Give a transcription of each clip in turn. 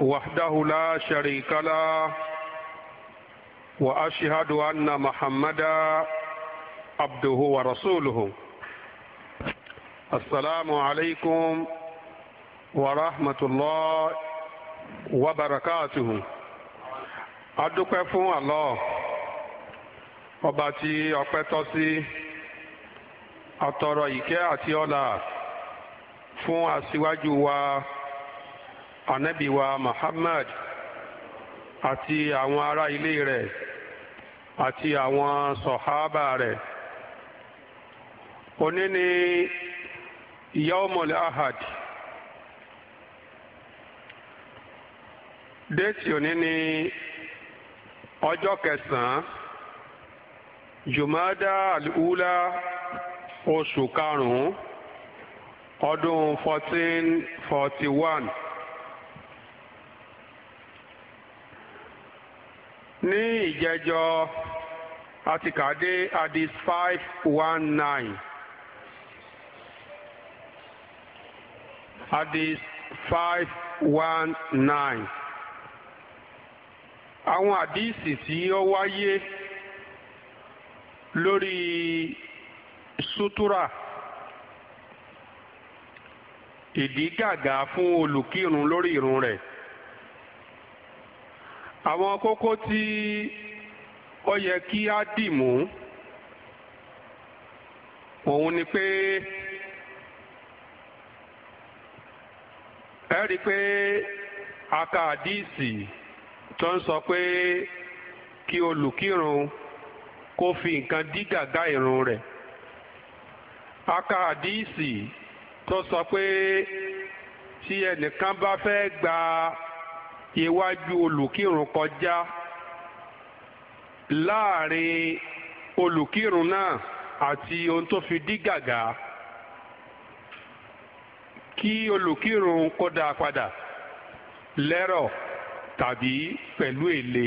وحده لا شريك له واشهد ان محمدا عبده ورسوله السلام عليكم ورحمه الله وبركاته adúpẹ́ fún Allah ọba tí ọpẹ́ tọ́ sí àtọ̀rọ̀ ìkẹ́ àti ọlá fún aṣíwájú wa Anabiwa wa Muhammad àti àwọn ará ilé rẹ̀ àti àwọn sọ̀hábà rẹ̀ òní ni yaumul ahad déètì òní ni ọjọ́ kẹsàn-án jùmọ́dá àlùhúlá oṣù karùn ọdún fourteen forty one. ní ìjẹjọ àtikàdé 519 five one nine hadith five one nine àwọn àdíìsì tí ó wáyé lórí sutura ìdígàgá fún olùkírun lórí irun re. àwọn kókó tí ó yẹ kí á dì mú òun ni pé ẹ rí i pé aka àdíìsì tó ń sọ pé kí olùkírun kó fi nǹkan dí gàgá ìrun rẹ̀ aka tó sọ pé tí ẹnìkan bá fẹ́ gba iwájú olùkírun kọjá láàrin olùkírun náà àti ohun tó fi dí gàgà kí olùkírun kó dá padà lẹ́rọ̀ tàbí pẹ̀lú èlé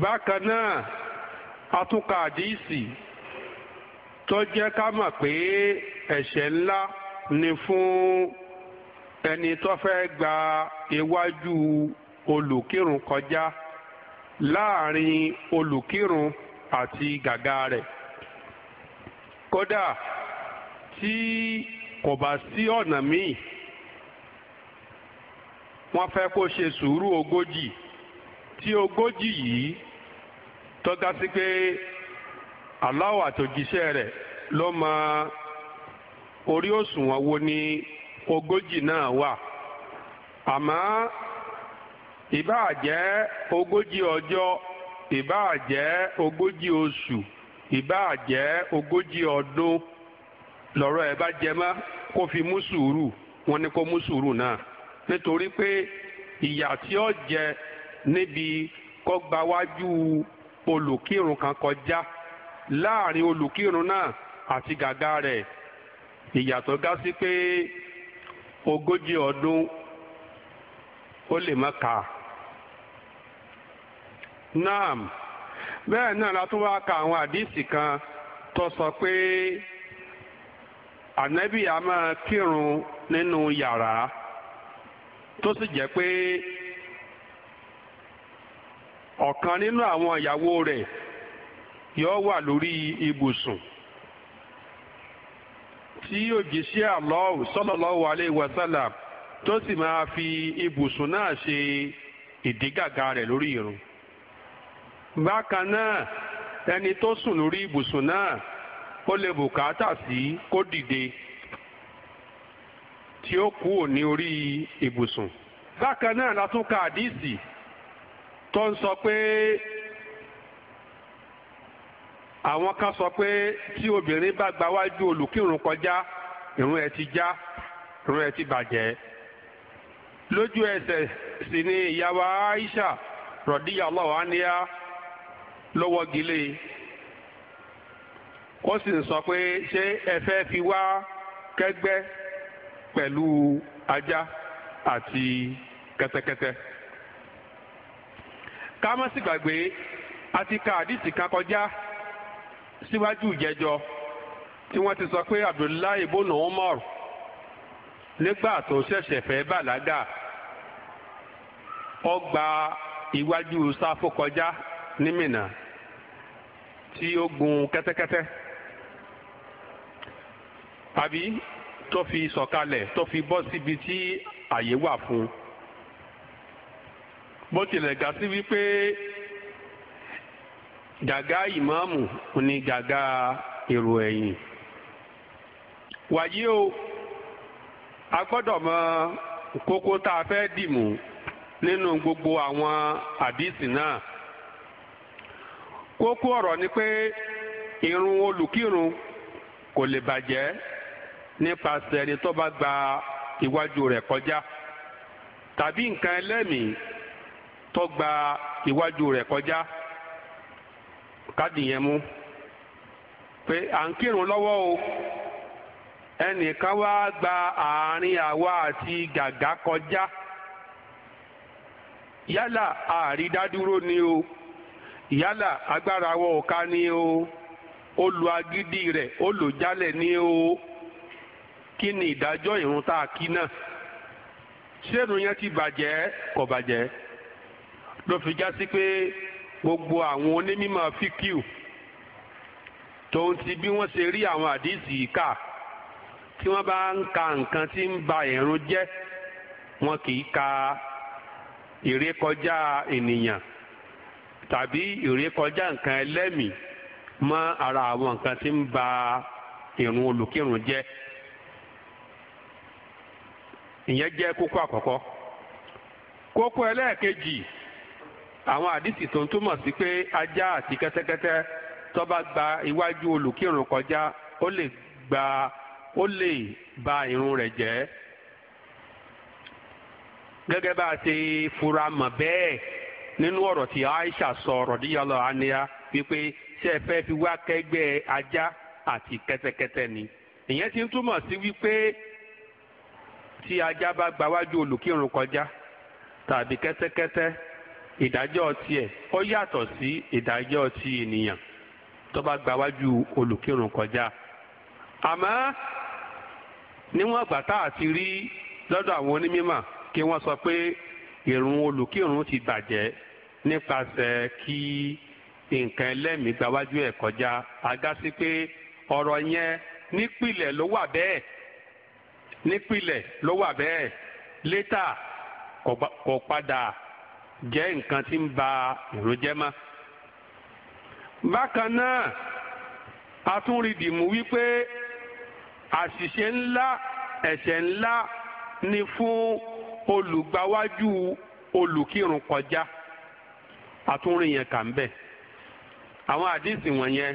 bákan náà atúnkà àdìsí tó jẹ́ ká mọ̀ pé ẹ̀ṣẹ̀ ńlá ni fún ẹni tó fẹ́ gba iwaju olùkírun kọjá láàrin olùkírun àti gaga rẹ kódà tí kò bá sí ọ̀nà míì wọ́n fẹ́ kó ṣe sùúrù ogójì tí ogójì yìí tọ́ka sí pé aláwọ̀ àtòjíṣẹ́ rẹ̀ ló mọ orí òṣùwọ̀n wo ni ogójì náà wà. àmọ́ ìbáà jẹ́ ogójì ọjọ́ ogoji jẹ́ ogójì oṣù ìbáà jẹ́ ogójì ọdún lọ́rọ̀ ẹ̀ bá jẹ mọ́ kó fi mú sùúrù wọ́n ní kó mú sùúrù náà nítorí pé ìyà tí ó jẹ níbi kọ́gbawájú olùkírun kan kọjá láàrin olùkírun náà àti gàgá ogójì ọdún ó lè má ka naam bẹ́ẹ̀ náà la tún wá ka àwọn àdísì kan tó sọ pé ànábì a máa kírun nínú yàrá tó sì jẹ́ pé ọ̀kan nínú àwọn ìyàwó rẹ̀ yóò wà lórí ibùsùn tí òjìṣẹ́ Allah sallallahu alaihi wasallam tó sì máa fi ibùsùn náà ṣe ìdígàgá rẹ̀ lórí irun. bákan náà ẹni tó sùn lórí ibùsùn náà ó lè bùkátà sí kó dìde tí ó kúrò ní orí ibùsùn. bákan náà la tún tó ń sọ pé àwọn kan sọ pé tí obìnrin bá gba olùkírun kọjá ìrun ẹ̀ ti já ìrun ẹ̀ ti bàjẹ́ lójú ẹsẹ̀ sì ni ìyàwó Aisha radiyallahu anha ló wọ́gi lé ó sì ń sọ pé ṣé ẹ fẹ́ fi wá kẹ́gbẹ́ pẹ̀lú ajá àti kẹ́tẹ́kẹ́tẹ́ ká má sì gbàgbé àti ka àdìsí kan kọjá síwájú ìjẹjọ tí wọ́n ti sọ pé Abdullahi ibn Umar nígbà tó ṣẹ̀ṣẹ̀ fẹ́ bàlágà ó gba iwájú sáfó kọjá ní Mínà tí ó gun kẹ́tẹ́kẹ́tẹ́ àbí tó fi sọ̀kalẹ̀ tó fi bọ́ síbi tí àyè wà fún un bó tilẹ̀ ga sí wípé gàgá ìmáàmù ni gàgá èrò ẹ̀yìn wàyí o. a gbọ́dọ̀ mọ kókó tá a fẹ́ dìmú nínú gbogbo àwọn àdìsí náà kókó ọ̀rọ̀ ni pé irun olùkírun kò lè bàjẹ́ nípasẹ̀ ẹni tó bá gba iwájú rẹ̀ kọjá tàbí nǹkan ẹlẹ́mìí tó gba iwájú rẹ̀ kọjá kádìyẹn mú pé à ń kírun lọ́wọ́ o. ẹnìkan wá gba àárín àwa àti gàgà kọjá yálà àrídádúró ni o yálà agbára wọ ọ̀ka ni o agidi rẹ̀ olùjálẹ̀ ni o kí ni ìdájọ́ ìrun tá a kí náà ṣéèrùn yẹn ti bàjẹ́ kò bàjẹ́ ló fi já sí pé gbogbo àwọn onímọ̀ fíkìú tòun ti bí wọ́n ṣe rí àwọn àdìsí ká tí wọn bá ń ka nǹkan tí ń ba ìrun jẹ́ wọn kì í ka ìrékọjá ènìyàn tàbí ìrékọjá nǹkan ẹlẹ́mìí mọ ara àwọn nǹkan tí ń ba ìrun olùkírun jẹ́ ìyẹn jẹ́ kókó àkọ́kọ́ kókó ẹlẹ́ẹ̀kejì àwọn àdìsí tó ń túmọ̀ sí pé ajá àti kẹ́tẹ́kẹ́tẹ́ tó bá gba iwájú olùkírun kọjá ó lè gba ó lè ba irun rẹ̀ jẹ́ gẹ́gẹ́ bá a ṣe fura mọ̀ bẹ́ẹ̀ nínú ọ̀rọ̀ tí Aisha sọ rọ̀díyàlọ́ àníyá wípé ṣé ẹ fẹ́ fi wá kẹ́gbẹ́ ajá àti kẹ́tẹ́kẹ́tẹ́ ni ìyẹn ti ń túmọ̀ sí wípé tí ajá bá gbawájú olùkírun kọjá tàbí kẹ́tẹ́kẹ́tẹ́ ìdájọ́ tiẹ̀ ó yàtọ̀ sí ìdájọ́ ti ènìyàn tó bá gbawájú olùkírun kọjá àmọ́ níwọ̀n ìgbà tá a ti rí lọ́dọ̀ àwọn onímọ̀ kí wọ́n sọ pé ìrun olùkírun ti bàjẹ́ nípasẹ̀ kí nǹkan ẹlẹ́mìí gbáwájú ẹ̀ kọjá agásí pé ọ̀rọ̀ yẹn nípìlẹ̀ ló wà bẹ́ẹ̀ nípìlẹ̀ ló wà bẹ́ẹ̀ létà kò padà jẹ́ nǹkan tí ń ba ìrun jẹ́ mọ́. bákan náà a tún rí dìmú wípé àṣìṣe ńlá ẹ̀ṣẹ̀ ńlá ni fún olùgbàwájú olùkírun kọjá àtúnrin yẹn kà ń bẹ̀ àwọn àdíìsì wọ̀nyẹn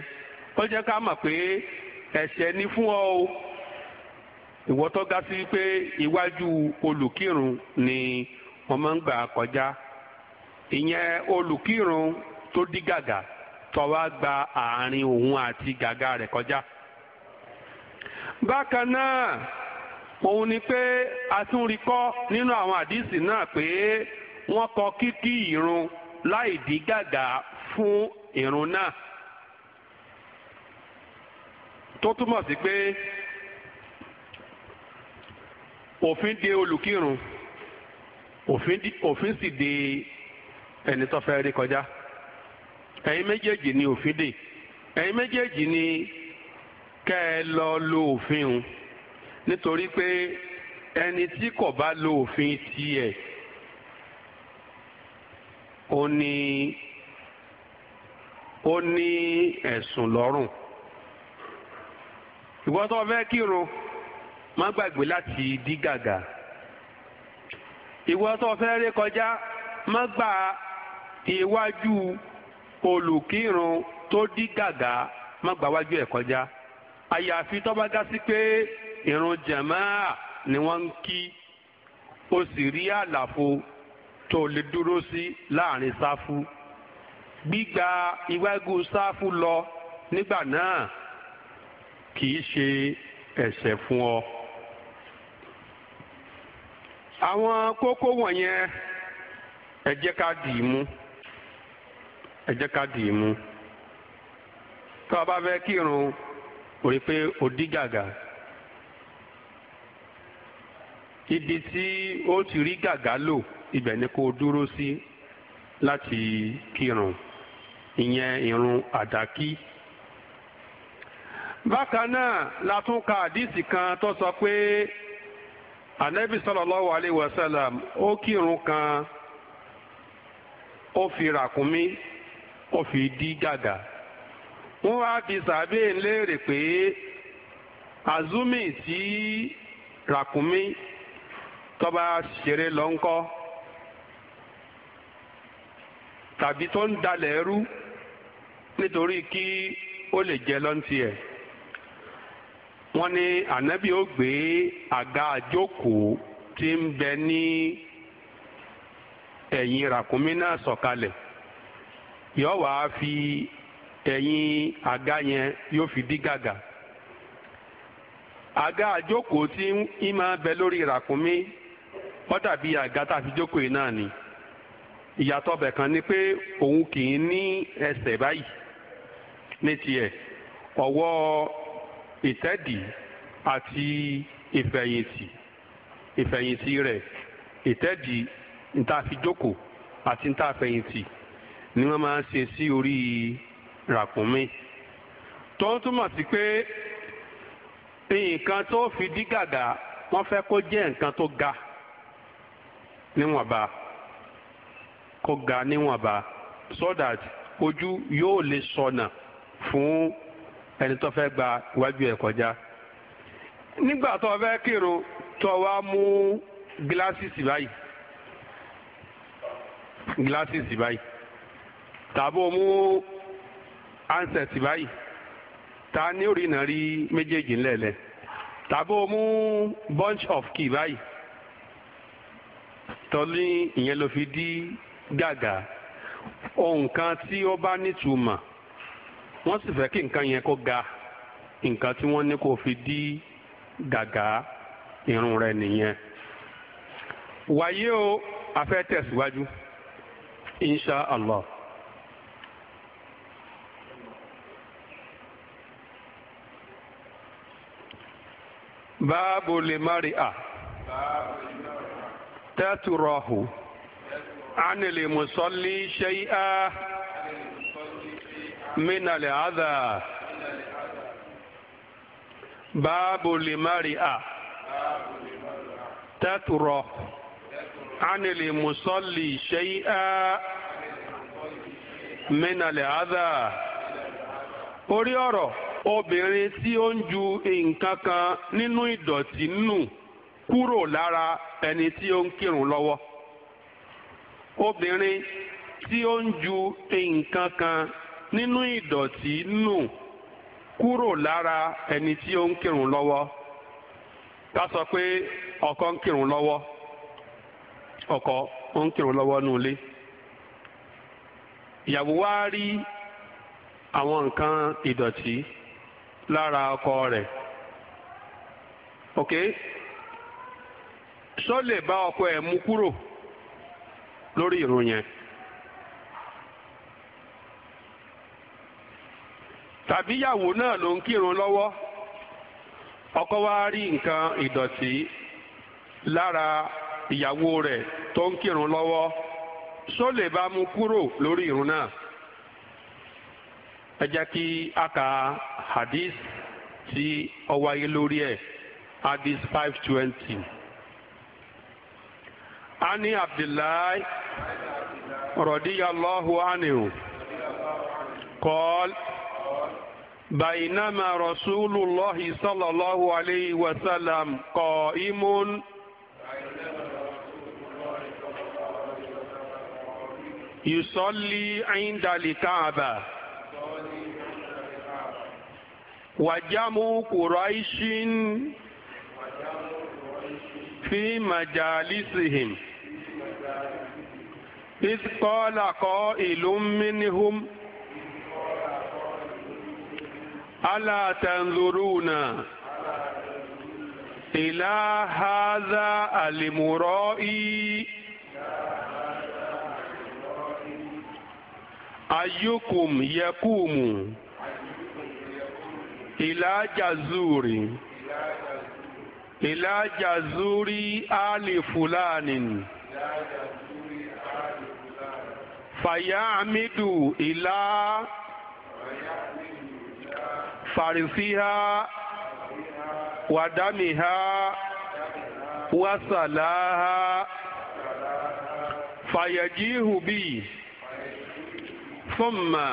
ó jẹ́ ká mọ̀ pé ẹ̀ṣẹ̀ ni fún ọ o ìwọ tó ga sí pé iwájú olùkírun ni wọ́n máa ń gbà kọjá ìyẹn olùkírun tó dí gàgà tó gba àárín òun àti gàgà rẹ̀ kọjá bákan náà òun ni pé a tún rí kọ nínú àwọn àdìsí náà pé wọn kọ kíkí ìrùn láì dí gàgà fún ìrùn náà tó túmọ̀ sí pé òfin de olùkírun òfin sì de ẹni tó fẹ́ rí kọjá ẹ̀yin méjèèjì ni òfin dì ẹ̀yin méjèèjì ni. kẹ́ ẹ lọ lo òfin o nítorí pé ẹni tí kò bá lo òfin tiẹ̀ ó ní ó ní ẹ̀sùn lọ́rùn ìwọ́n tó fẹ́ kírun má gbàgbé láti dí gàgà ìwọ́n tó fẹ́ ré kọjá má gbà iwájú olùkírun tó dí gàgà má gbà wájú ẹ̀ kọjá àyàfi tó bá dá sí pé ìrun jàmáà ni wọ́n ń kí o sì rí àlàfo tó lè dúró sí láàrin sáfù gbígba iwájú sáfù lọ nígbà náà kì í ṣe ẹ̀ṣẹ̀ fún ọ. àwọn kókó wọ̀nyẹn ẹ ká dì í mú ẹ ká dì í mú tó fẹ́ kírun. orí pé ó dí gàgà ibi tí ó ti rí gàgà lò ibẹ̀ ni kò dúró sí láti kírun ìyẹn irun àdákí. bákan náà la tún ka àdísì kan tó sọ pé anabi sallallahu alayhi wa sallam ó kírun kan ó fi ràkúnmí ó fi dí gàgà. wọ́n wá fi sàbẹ̀ léèrè pé azumi tí ràkúnmí tọ́ba ṣeré lọ ń kọ́ tàbí tó ń dalẹ̀ ẹrú nítorí kí ó lè jẹ lọ́ntì ẹ̀ wọ́n ní ànábì ó gbé àga àjókòó tí ń bẹ ní ẹ̀yìn ràkúnmí náà sọ̀kalẹ̀ yóò wá fi ẹ̀yìn àga yẹn yóò fi dí gàgà àga àjókòó tí ń máa bẹ lórí ìràkúnmí ó dàbí àga tá a fi jókòó yìí náà ni ìyàtọ̀ ọbẹ̀ kan ni pé òun kì í ní ẹsẹ̀ báyìí ní tiẹ̀ ọwọ́ ìtẹ́dì àti ìfẹ̀yìntì ìfẹ̀yìntì rẹ̀ ìtẹ́dì níta fi jókòó àti níta fẹ̀yìntì ni wọ́n máa ń ṣe sí orí ràkúnmí tó ń túmọ̀ sí pé nǹkan tó fi dí gàgà wọ́n fẹ́ kó jẹ́ nǹkan tó ga níwọ̀nba kó ga níwọ̀nba so that ojú yóò lè sọnà fún ẹni tó fẹ́ gba iwájú ẹ̀ kọjá nígbà tó fẹ́ kírun tó wá mú gíláṣìsì báyìí gíláṣìsì báyìí tàbí o mú ansẹ̀tì báyìí ta ni orí rí iná rí méjèèjì ńlẹ̀lẹ̀ tàbí o mú bunch of key báyìí tọ́lí ìyẹn ló fi dí gàgà ohun kan tí ó bá nítumọ̀ wọ́n sì fẹ́ kí nǹkan yẹn kó ga nǹkan tí wọ́n ní kó fi dí gàgà irun rẹ̀ nìyẹn wàyé o a fẹ́ tẹ̀síwájú insha باب لمرئة تتراه عن المصلي شيئا من العذا باب لمرئة تتراه عن المصلي شيئا من العذا orí ọ̀rọ̀ obìnrin tí ó ń ju nǹkan kan nínú ìdọ̀tí nù kúrò lára ẹni tí ó ń kírun lọ́wọ́ obìnrin tí ó ń pé ọkọ ń kírun lọ́wọ́ ìyàwó wa rí àwọn nǹkan ìdọ̀tí. lára ọkọ rẹ̀ ok sọ lè bá ọkọ ẹ mú kúrò lórí ìrun tàbí ìyàwó náà ló ń kírun lọ́wọ́ ọkọ wa rí nǹkan ìdọ̀tí lára ìyàwó rẹ̀ tó ń kírun lọ́wọ́ sọ lè bá mú kúrò lórí ìrun náà. ẹ jẹ́ kí a ka hadith tí ó wáyé lórí ẹ̀ hadith five twenty. ani abdullahi radiyallahu anhu qala بينما رسول الله صلى الله عليه وسلم قائم يصلي عند الكعبه وجمع قريش في مجالسهم إذ قال قائل منهم ألا تنظرون إلى هذا المرائي أيكم يقوم ìlà jazuri ìlà jazuri ali fulanin fayamidu ìlà farisiha wadamiha wasalaha fayajihu bi thumma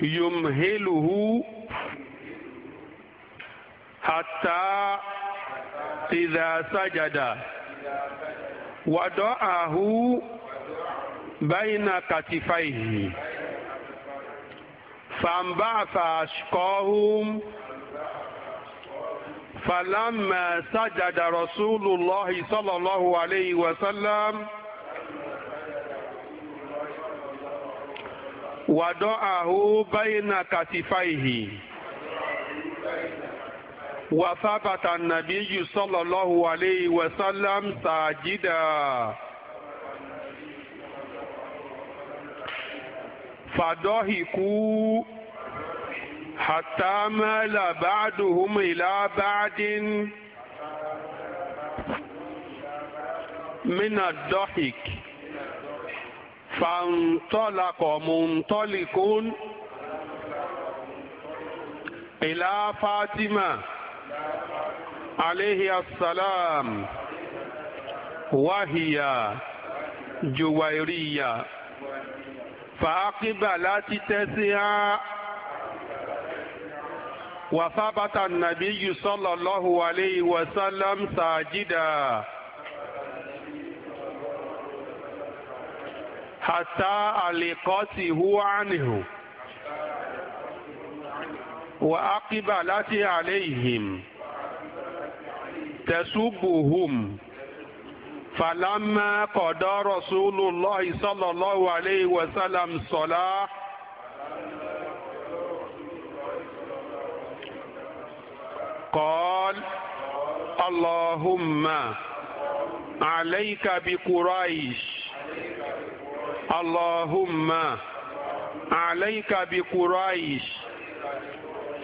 yumhiluhu hatta idha sajada wada'ahu bayna katifaihi فانبعث أشقاهم فلما سجد رسول الله صلى الله عليه وسلم وضعه بين كتفيه وثبت النبي صلى الله عليه وسلم ساجدا فضحكوا حتى مال بعضهم إلى بعض من الضحك فانطلق منطلق إلى فاطمة عليه السلام وهي جويرية فأقبلت تسعا وثبت النبي صلى الله عليه وسلم ساجدا حتى ألقته عنه وأقبلت عليهم تسبهم فلما قضى رسول الله صلى الله عليه وسلم الصلاة قال اللهم عليك بقريش اللهم عليك بقريش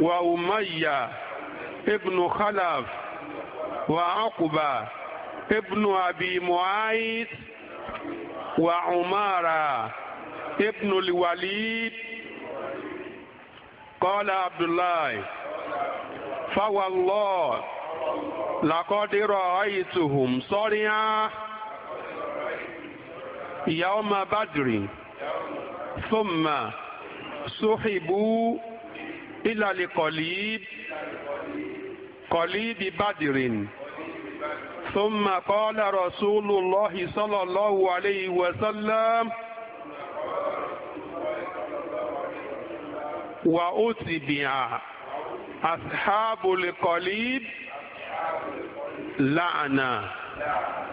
وأمية ابن خلف وعقبة ابن أبي معاذ وعمارة ابن الوليد قال عبد الله فوالله لقد رأيتهم صرعا يوم بدر ثم سحبوا إلا لقليب قليب بدر ثم قال رسول الله صلى الله عليه وسلم وأتبع أصحاب القليب لعنة